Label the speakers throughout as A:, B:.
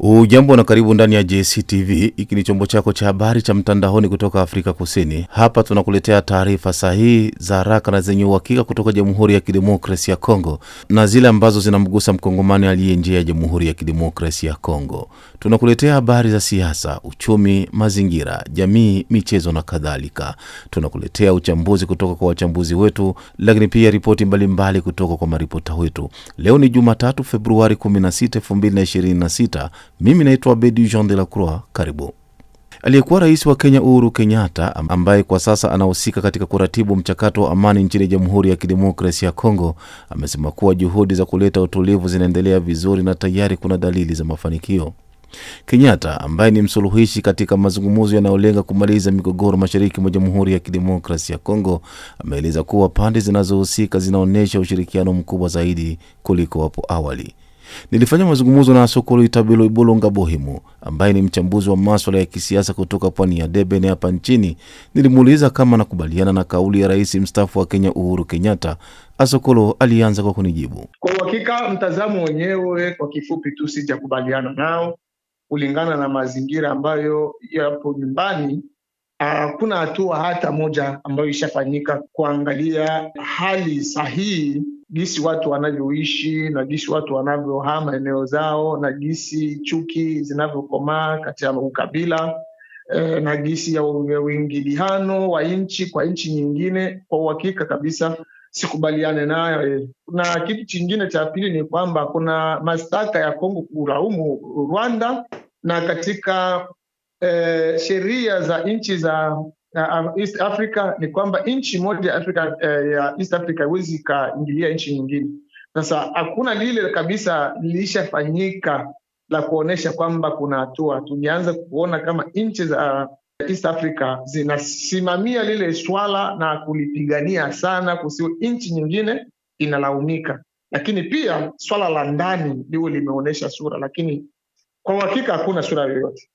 A: Ujambo na karibu ndani ya JCTV. Hiki ni chombo chako cha habari cha mtandaoni kutoka Afrika Kusini. Hapa tunakuletea taarifa sahihi za haraka na zenye uhakika kutoka Jamhuri ya Kidemokrasia ya Kongo na zile ambazo zinamgusa mkongomani aliye nje ya Jamhuri ya Kidemokrasia ya Kongo. Tunakuletea habari za siasa, uchumi, mazingira, jamii, michezo na kadhalika. Tunakuletea uchambuzi kutoka kwa wachambuzi wetu, lakini pia ripoti mbalimbali kutoka kwa maripota wetu. Leo ni Jumatatu, Februari 16, 2026. Mimi naitwa Bedi Jean de la Croix. Karibu. Aliyekuwa rais wa Kenya Uhuru Kenyatta, ambaye kwa sasa anahusika katika kuratibu mchakato wa amani nchini Jamhuri ya Kidemokrasia ya Kongo, amesema kuwa juhudi za kuleta utulivu zinaendelea vizuri na tayari kuna dalili za mafanikio. Kenyatta ambaye ni msuluhishi katika mazungumzo yanayolenga kumaliza migogoro mashariki mwa Jamhuri ya Kidemokrasia ya Kongo ameeleza kuwa pande zinazohusika zinaonyesha ushirikiano mkubwa zaidi kuliko hapo awali. Nilifanya mazungumzo na Sokolo Itabelo Ibolonga Bohimu, ambaye ni mchambuzi wa maswala ya kisiasa kutoka pwani ya Deben hapa nchini. Nilimuuliza kama nakubaliana na kauli ya rais mstaafu wa Kenya Uhuru Kenyatta. Asokolo alianza kwa kunijibu.
B: Kwa uhakika, mtazamo wenyewe kwa kifupi tu sijakubaliana nao kulingana na mazingira ambayo yapo nyumbani Ah, hakuna uh, hatua hata moja ambayo ishafanyika kuangalia hali sahihi jinsi watu wanavyoishi na jinsi watu wanavyohama eneo zao na jinsi chuki zinavyokomaa kati ya ukabila eh, na jinsi ya uingiliano wa nchi kwa nchi nyingine. Kwa uhakika kabisa sikubaliane nayo. Na kitu chingine cha pili ni kwamba kuna mashtaka ya Kongo kulaumu Rwanda na katika eh, sheria za nchi za uh, East Africa ni kwamba nchi moja Africa, eh, ya East Africa haiwezi ikaingilia nchi nyingine. Sasa hakuna lile kabisa lilishafanyika la kuonyesha kwamba kuna hatua. Tumeanza kuona kama nchi za eh, East Africa zinasimamia lile swala na kulipigania sana, kusiwe nchi nyingine inalaumika. Lakini pia swala la ndani liwe limeonyesha sura, lakini kwa uhakika hakuna sura yoyote.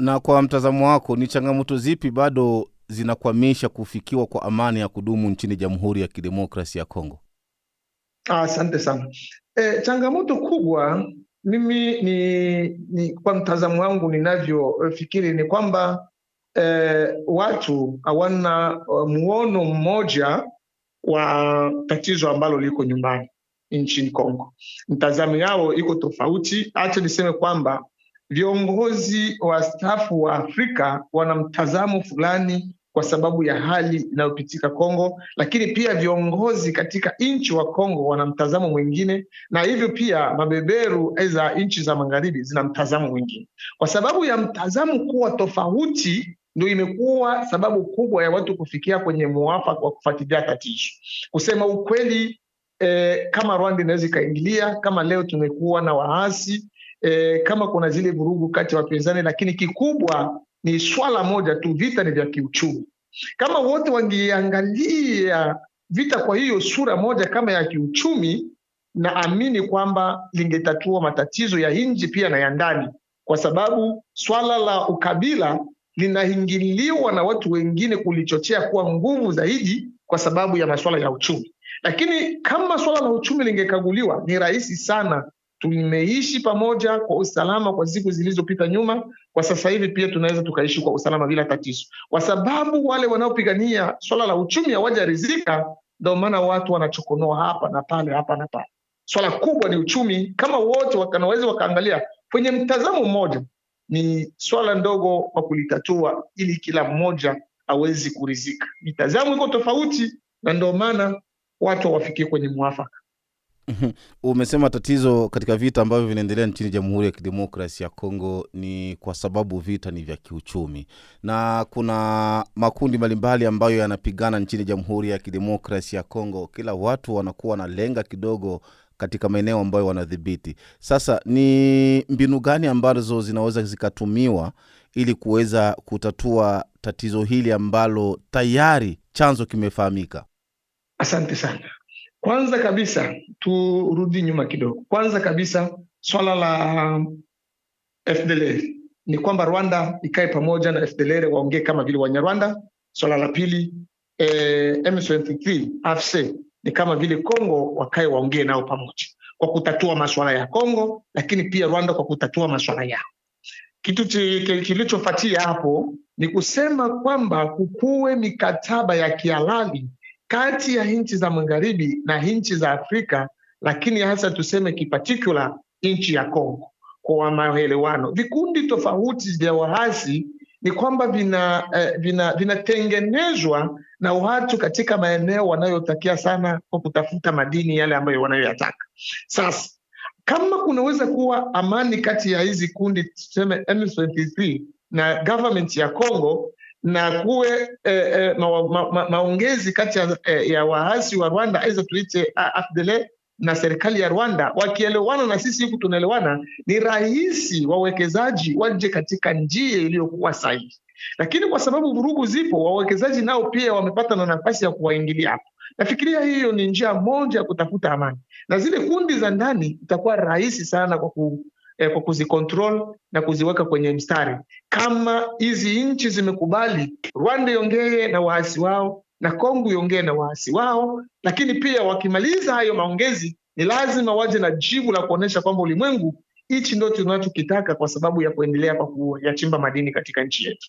A: Na kwa mtazamo wako, ni changamoto zipi bado zinakwamisha kufikiwa kwa amani ya kudumu nchini Jamhuri ya Kidemokrasi ya Kongo?
B: Asante ah, sana. E, changamoto kubwa mimi ni, ni kwa mtazamo wangu ninavyofikiri ni kwamba e, watu hawana e, muono mmoja wa tatizo ambalo liko nyumbani nchini Kongo. Mtazamo yao iko tofauti. hata niseme kwamba viongozi wastaafu wa Afrika wana mtazamo fulani kwa sababu ya hali inayopitika Kongo, lakini pia viongozi katika nchi wa Kongo wana mtazamo mwingine, na hivyo pia mabeberu za nchi za magharibi zina mtazamo mwingine. Kwa sababu ya mtazamo kuwa tofauti, ndio imekuwa sababu kubwa ya watu kufikia kwenye mwafaka wa kufuatilia tatizo. Kusema ukweli, eh, kama Rwanda inaweza ikaingilia, kama leo tumekuwa na waasi e, kama kuna zile vurugu kati ya wapinzani, lakini kikubwa ni swala moja tu, vita ni vya kiuchumi. Kama wote wangeangalia vita kwa hiyo sura moja kama ya kiuchumi, naamini kwamba lingetatua matatizo ya nji pia na ya ndani, kwa sababu swala la ukabila linaingiliwa na watu wengine kulichochea kuwa nguvu zaidi kwa sababu ya masuala ya uchumi. Lakini kama swala la uchumi lingekaguliwa, ni rahisi sana Tumeishi pamoja kwa usalama kwa siku zilizopita nyuma, kwa sasa hivi pia tunaweza tukaishi kwa usalama bila tatizo, kwa sababu wale wanaopigania swala la uchumi hawajaridhika. Ndio maana watu wanachokonoa hapa na pale, hapa na pale. Swala kubwa ni uchumi. Kama wote wakanaweza wakaangalia kwenye mtazamo mmoja, ni swala ndogo kwa kulitatua, ili kila mmoja awezi kurizika. Mitazamo iko tofauti, na ndio maana watu wafikie kwenye mwafaka.
A: Umesema tatizo katika vita ambavyo vinaendelea nchini Jamhuri ya Kidemokrasi ya Kongo ni kwa sababu vita ni vya kiuchumi, na kuna makundi mbalimbali ambayo yanapigana nchini Jamhuri ya Kidemokrasi ya Kongo. Kila watu wanakuwa wanalenga kidogo katika maeneo ambayo wanadhibiti. Sasa ni mbinu gani ambazo zinaweza zikatumiwa ili kuweza kutatua tatizo hili ambalo tayari chanzo kimefahamika?
B: Asante sana. Kwanza kabisa turudi nyuma kidogo. Kwanza kabisa swala la um, FDLR ni kwamba Rwanda ikae pamoja na FDLR waongee kama vile Wanyarwanda. Swala la pili eh, M23 AFC ni kama vile Kongo wakae waongee nao pamoja kwa kutatua masuala ya Kongo, lakini pia Rwanda kwa kutatua masuala yao. Kitu kilichofuatia hapo ni kusema kwamba kukuwe mikataba ya kihalali kati ya nchi za magharibi na nchi za Afrika, lakini hasa tuseme kipatikula nchi ya Kongo kwa maelewano. Vikundi tofauti vya waasi ni kwamba eh, vinatengenezwa eh, vinatengenezwa vina na watu katika maeneo wanayotakia sana kwa kutafuta madini yale ambayo wanayoyataka. Sasa kama kunaweza kuwa amani kati ya hizi kundi tuseme M23 na government ya Congo, na kuwe eh, eh, ma, ma, ma, maongezi kati ya, eh, ya waasi wa Rwanda aidha tuite ah, AFDL na serikali ya Rwanda, wakielewana na sisi huku tunaelewana, ni rahisi wawekezaji waje katika njia iliyokuwa sahihi. Lakini kwa sababu vurugu zipo, wawekezaji nao pia wamepata na nafasi ya kuwaingilia hapo. Nafikiria hiyo ni njia moja ya kutafuta amani, na zile kundi za ndani itakuwa rahisi sana kwa ku eh, kwa kuzikontrol na kuziweka kwenye mstari. Kama hizi nchi zimekubali, Rwanda iongee na waasi wao na Kongo iongee na waasi wao, lakini pia wakimaliza hayo maongezi, ni lazima waje na jibu la kuonyesha kwamba ulimwengu, hichi ndo tunachokitaka kwa sababu ya kuendelea kwa kuyachimba madini katika nchi yetu.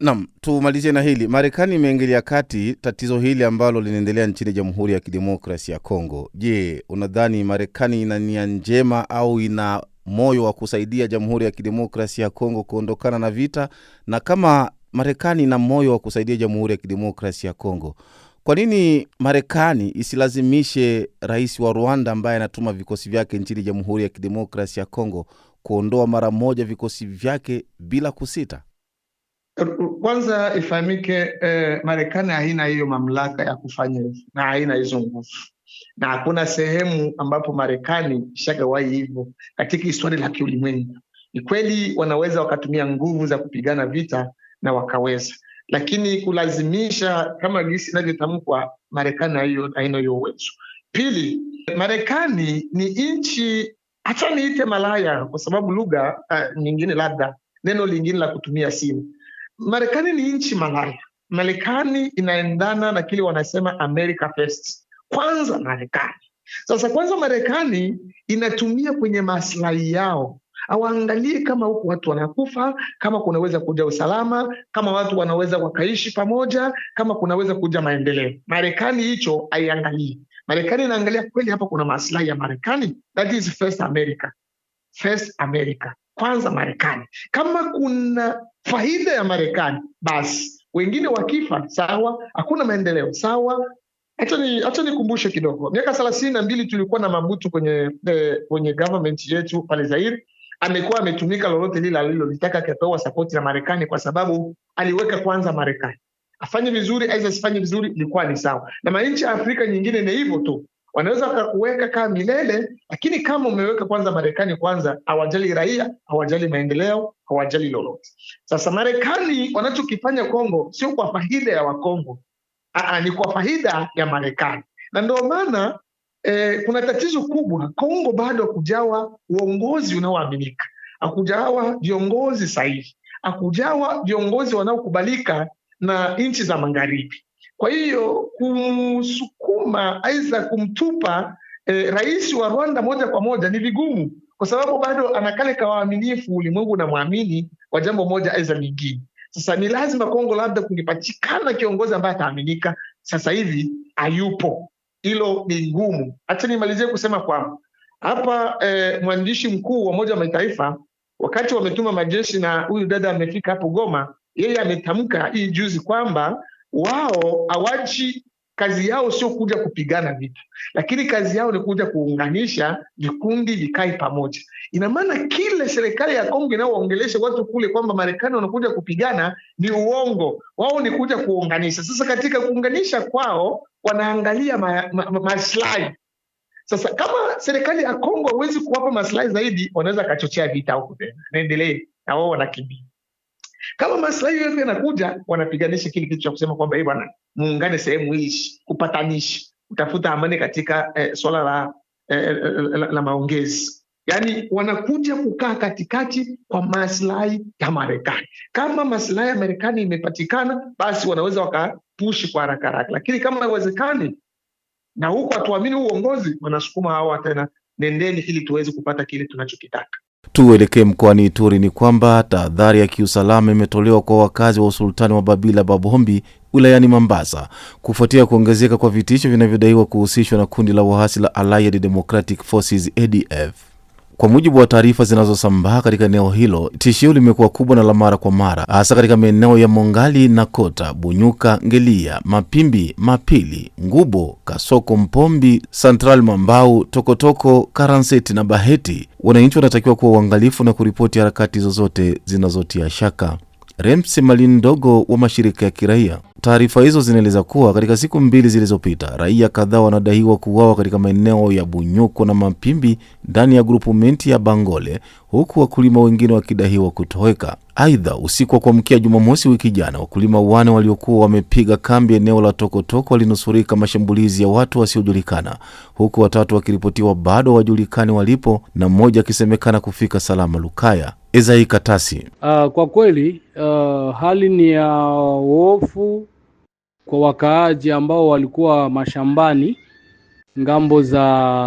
A: Naam, tumalizie na hili. Marekani imeingilia kati tatizo hili ambalo linaendelea nchini Jamhuri ya Kidemokrasi ya Kongo. Je, unadhani Marekani ina nia njema au ina moyo wa kusaidia Jamhuri ya Kidemokrasia ya Kongo kuondokana na vita, na kama Marekani ina moyo wa kusaidia Jamhuri ya Kidemokrasia ya Kongo, kwa nini Marekani isilazimishe rais wa Rwanda ambaye anatuma vikosi vyake nchini Jamhuri ya Kidemokrasia ya Kongo kuondoa mara moja vikosi vyake bila kusita?
B: Kwanza ifahamike, eh, Marekani haina hiyo mamlaka ya kufanya hivyo na haina hizo nguvu na hakuna sehemu ambapo Marekani ishagawahi hivyo katika historia la kiulimwengu. Ni kweli wanaweza wakatumia nguvu za kupigana vita na wakaweza, lakini kulazimisha kama jinsi inavyotamkwa, Marekani haina hiyo uwezo. Pili, Marekani ni nchi hata niite malaya kwa sababu lugha uh, nyingine labda neno lingine la kutumia simu. Marekani ni nchi malaya. Marekani inaendana na kile wanasema America First kwanza Marekani. Sasa kwanza Marekani inatumia kwenye maslahi yao awaangalie kama huku watu wanakufa, kama kunaweza kuja usalama, kama watu wanaweza wakaishi pamoja, kama kunaweza kuja maendeleo. Marekani hicho haiangalii. Marekani inaangalia kweli hapa kuna maslahi ya Marekani. That is first America, first America, kwanza Marekani. Kama kuna faida ya Marekani basi wengine wakifa sawa, hakuna maendeleo sawa, Hacha nikumbushe ni kidogo, miaka thelathini na mbili tulikuwa na Mabutu kwenye eh, kwenye government yetu pale zair Amekuwa ametumika lolote lile alilolitaka, akapewa sapoti na Marekani kwa sababu aliweka kwanza Marekani. Afanye vizuri aiza asifanye vizuri, ilikuwa ni sawa. Na manchi ya Afrika nyingine ni hivyo tu, wanaweza wakakuweka kaa milele, lakini kama umeweka kwanza Marekani kwanza, hawajali raia, hawajali maendeleo, hawajali lolote. Sasa Marekani wanachokifanya Kongo sio kwa faida ya Wakongo, Aa, ah, ah, ni kwa faida ya Marekani na ndio maana eh, kuna tatizo kubwa Kongo bado hakujawa uongozi unaoaminika, hakujawa viongozi sahihi, hakujawa viongozi wanaokubalika na nchi za magharibi. Kwa hiyo kumsukuma aidha kumtupa eh, rais wa Rwanda moja kwa moja ni vigumu, kwa sababu bado anakale kawaaminifu ulimwengu unamwamini kwa jambo moja aidha lingine. Sasa ni lazima Kongo labda kungepatikana kiongozi ambaye ataaminika. Sasa hivi hayupo, hilo ni ngumu. hata nimalizie kusema kwamba hapa eh, mwandishi mkuu wa Umoja wa Mataifa wakati wametuma majeshi na huyu dada amefika hapo Goma, yeye ametamka hii juzi kwamba wao hawaji kazi yao sio kuja kupigana vita, lakini kazi yao ni kuja kuunganisha vikundi vikae pamoja. Ina maana kile serikali ya Kongo inaoongelesha watu kule kwamba Marekani wanakuja kupigana ni uongo, wao ni kuja kuunganisha. Sasa katika kuunganisha kwao wanaangalia maslahi ma, ma, ma sasa kama serikali ya Kongo hawezi kuwapa maslahi zaidi, wanaweza akachochea vita huko tena, naendelee na wao wanakimbia. Kama maslahi yetu yanakuja, wanapiganisha kile kitu cha kusema kwamba hey, bwana, muungane sehemu ishi, kupatanishi kutafuta amani katika eh, swala la, eh, eh, eh, la, la maongezi. Yaani wanakuja kukaa katikati kwa maslahi ya Marekani. Kama maslahi ya Marekani imepatikana, basi wanaweza wakapushi kwa haraka haraka, lakini kama haiwezekani na huko hatuamini huu uongozi, wanasukuma hawa tena, nendeni ili tuweze kupata kile tunachokitaka.
A: Tuelekee mkoani Ituri ni kwamba tahadhari ya kiusalama imetolewa kwa wakazi wa usultani wa Babila Babombi wilayani Mambasa kufuatia kuongezeka kwa vitisho vinavyodaiwa kuhusishwa na kundi la waasi la Allied Democratic Forces ADF. Kwa mujibu wa taarifa zinazosambaa katika eneo hilo, tishio limekuwa kubwa na la mara kwa mara, hasa katika maeneo ya Mongali na Kota, Bunyuka, Ngelia, Mapimbi, Mapili, Ngubo, Kasoko, Mpombi, Central, Mambau, Tokotoko, Karanseti na Baheti. Wananchi wanatakiwa kuwa uangalifu na kuripoti harakati zozote zinazotia shaka. Remsi malin ndogo wa mashirika ya kiraia Taarifa hizo zinaeleza kuwa katika siku mbili zilizopita, raia kadhaa wanadaiwa kuuawa katika maeneo ya Bunyuko na Mapimbi ndani ya grupumenti ya Bangole, huku wakulima wengine wakidaiwa kutoweka. Aidha, usiku wa kuamkia Jumamosi wiki jana, wakulima wane waliokuwa wamepiga kambi eneo la Tokotoko walinusurika mashambulizi ya watu wasiojulikana, huku watatu wakiripotiwa bado wajulikani walipo na mmoja akisemekana kufika salama Lukaya. Ezai Katasi:
C: uh, kwa kweli uh, hali ni ya uh, kwa wakaaji ambao walikuwa mashambani ngambo za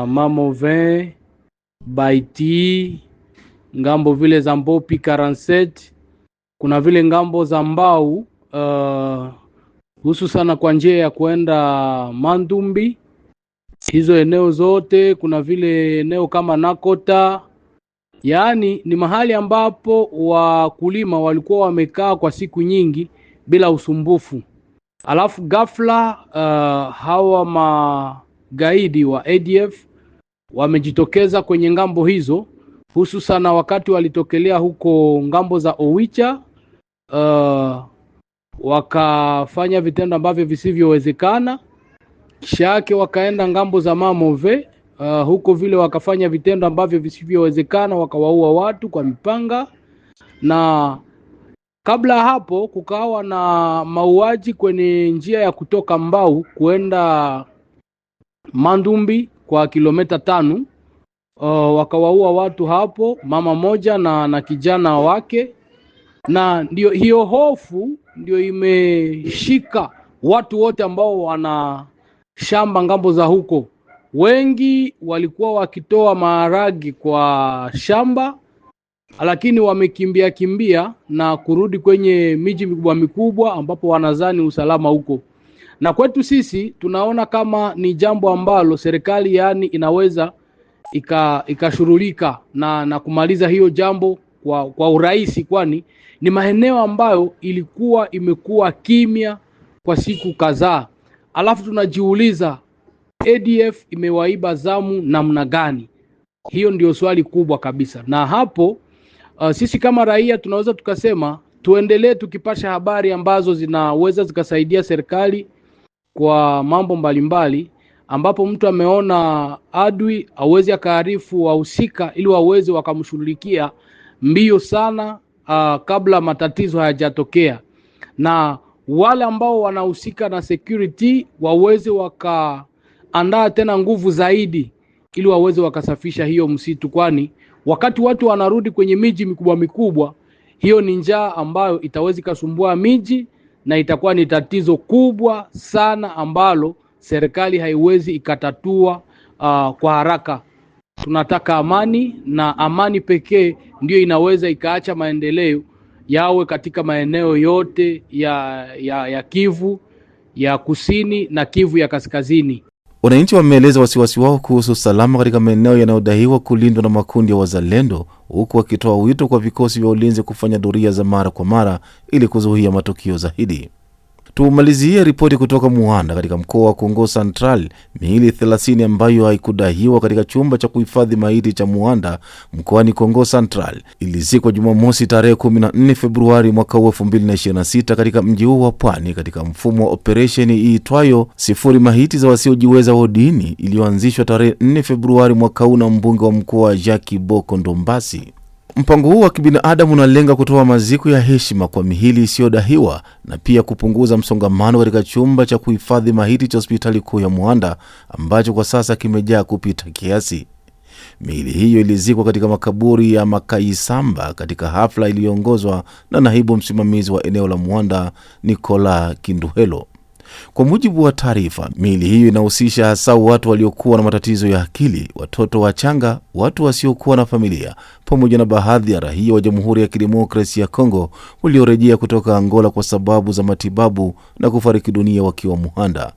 C: mamove Baiti, ngambo vile za Mbopi 47 kuna vile ngambo za Mbau uh, husu uh, sana kwa njia ya kuenda Mandumbi, hizo eneo zote, kuna vile eneo kama Nakota, yaani ni mahali ambapo wakulima walikuwa wamekaa kwa siku nyingi bila usumbufu. Alafu ghafla uh, hawa magaidi wa ADF wamejitokeza kwenye ngambo hizo, hususan wakati walitokelea huko ngambo za Owicha uh, wakafanya vitendo ambavyo visivyowezekana. Kisha yake wakaenda ngambo za Mamove uh, huko vile wakafanya vitendo ambavyo visivyowezekana, wakawaua watu kwa mipanga na Kabla ya hapo kukawa na mauaji kwenye njia ya kutoka Mbau kuenda Mandumbi kwa kilomita tano. Uh, wakawaua watu hapo, mama moja na, na kijana wake, na ndio hiyo hofu ndio imeshika watu wote ambao wana shamba ngambo za huko. Wengi walikuwa wakitoa maharagi kwa shamba lakini wamekimbia kimbia na kurudi kwenye miji mikubwa mikubwa ambapo wanazani usalama huko. Na kwetu sisi tunaona kama ni jambo ambalo serikali yani inaweza ikashurulika ika na, na kumaliza hiyo jambo kwa, kwa urahisi, kwani ni maeneo ambayo ilikuwa imekuwa kimya kwa siku kadhaa, alafu tunajiuliza ADF imewaiba zamu namna gani? Hiyo ndio swali kubwa kabisa, na hapo uh, sisi kama raia tunaweza tukasema tuendelee tukipasha habari ambazo zinaweza zikasaidia serikali kwa mambo mbalimbali, ambapo mtu ameona adui awezi akaarifu wahusika ili waweze wakamshughulikia mbio sana, uh, kabla matatizo hayajatokea, na wale ambao wanahusika na security waweze wakaandaa tena nguvu zaidi ili waweze wakasafisha hiyo msitu kwani Wakati watu wanarudi kwenye miji mikubwa mikubwa, hiyo ni njaa ambayo itaweza ikasumbua miji na itakuwa ni tatizo kubwa sana ambalo serikali haiwezi ikatatua uh, kwa haraka. Tunataka amani na amani pekee ndiyo inaweza ikaacha maendeleo yawe katika maeneo yote ya, ya, ya Kivu ya kusini na Kivu ya kaskazini.
A: Wananchi wameeleza wasiwasi wao kuhusu usalama katika maeneo yanayodaiwa kulindwa na makundi ya wazalendo, huku wakitoa wito kwa vikosi vya ulinzi kufanya doria za mara kwa mara ili kuzuia matukio zaidi. Tumalizie ripoti kutoka Muanda katika mkoa wa Kongo Central. Miili 30 ambayo haikudahiwa katika chumba cha kuhifadhi maiti cha Muanda mkoani Kongo Central ilizikwa Jumamosi tarehe 14 Februari mwaka 2026 katika mji huu wa pwani katika mfumo wa operesheni iitwayo sifuri mahiti za wasiojiweza wodini iliyoanzishwa tarehe 4 Februari mwaka huu na mbunge wa mkoa Jacques Boko Ndombasi. Mpango huu wa kibinadamu unalenga kutoa maziko ya heshima kwa mihili isiyodahiwa na pia kupunguza msongamano katika chumba cha kuhifadhi maiti cha hospitali kuu ya mwanda ambacho kwa sasa kimejaa kupita kiasi. Miili hiyo ilizikwa katika makaburi ya Makaisamba katika hafla iliyoongozwa na naibu msimamizi wa eneo la Muhanda Nicola Kinduhelo. Kwa mujibu wa taarifa, miili hiyo inahusisha hasa watu waliokuwa na matatizo ya akili, watoto wachanga, watu wasiokuwa na familia, pamoja na baadhi ya raia wa Jamhuri ya Kidemokrasia ya Kongo waliorejea kutoka Angola kwa sababu za matibabu na kufariki dunia wakiwa Muhanda.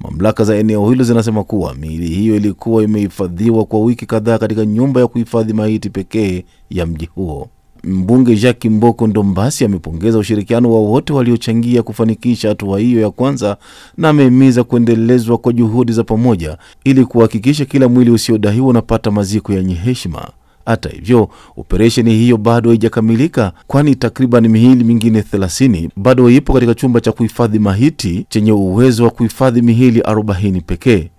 A: Mamlaka za eneo hilo zinasema kuwa miili hiyo ilikuwa imehifadhiwa kwa wiki kadhaa katika nyumba ya kuhifadhi maiti pekee ya mji huo. Mbunge Jacki Mboko Ndombasi amepongeza ushirikiano wa wote waliochangia kufanikisha hatua hiyo ya kwanza na amehimiza kuendelezwa kwa juhudi za pamoja ili kuhakikisha kila mwili usiodaiwa unapata maziko yenye heshima. Hata hivyo, operesheni hiyo bado haijakamilika kwani takriban mihili mingine 30 bado ipo katika chumba cha kuhifadhi mahiti chenye uwezo wa kuhifadhi mihili 40 pekee.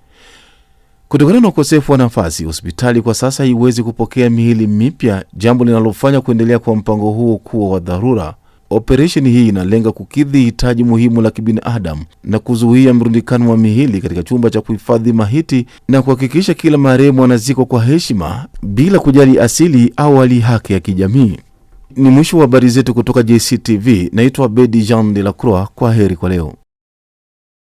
A: Kutokana na ukosefu wa nafasi, hospitali kwa sasa haiwezi kupokea miili mipya, jambo linalofanya kuendelea kwa mpango huo kuwa wa dharura. Operesheni hii inalenga kukidhi hitaji muhimu la kibinadamu na kuzuia mrundikano wa miili katika chumba cha kuhifadhi mahiti na kuhakikisha kila marehemu anazikwa kwa heshima bila kujali asili au hali yake ya kijamii. Ni mwisho wa habari zetu kutoka JCTV. Naitwa Bedi Jean de la Croix. Kwa heri kwa leo.